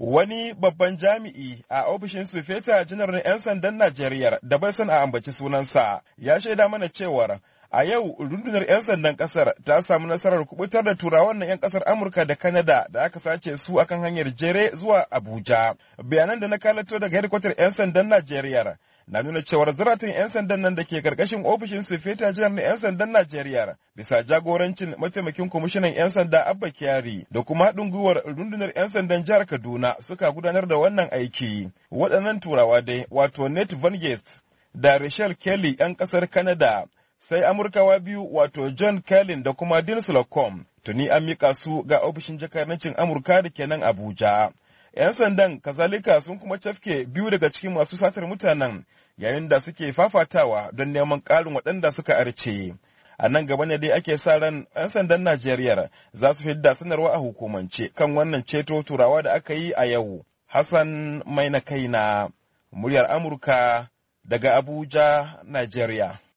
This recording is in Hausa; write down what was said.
Wani babban jami'i a ofishin Sufeta janar na 'yan sandan Najeriya da bai san a ambaci sunansa ya shaida mana cewar a yau rundunar 'yan sandan kasar ta samu nasarar kubutar da turawan na 'yan kasar Amurka da Kanada da aka sace su akan hanyar jere zuwa Abuja. Bayanan da na kalato daga hedikwatar 'yan sandan Najeriya na nuna cewar ziratin 'yan sandan nan da ke karkashin ofishin su feta jihar na 'yan sandan Najeriya bisa jagorancin mataimakin kwamishinan 'yan sanda Abba Kyari da kuma haɗin gwiwar rundunar 'yan sandan jihar Kaduna suka gudanar da wannan aiki. Waɗannan turawa dai wato Nate Van Geest da Rachel Kelly 'yan ƙasar Canada sai Amurkawa biyu wato John Carlin da kuma Dean Slocum tuni an mika su ga ofishin jakarancin Amurka da kenan Abuja. 'Yan sandan kazalika sun kuma cafke biyu daga cikin masu satar mutanen yayin da suke fafatawa don neman ƙarin waɗanda suka arce. A nan gaba ne dai ake sa ran 'yan sandan Najeriya za su fidda sanarwa a hukumance kan wannan ceto turawa da aka yi a yau. Hassan mai Maina na muryar Amurka daga Abuja, Najeriya.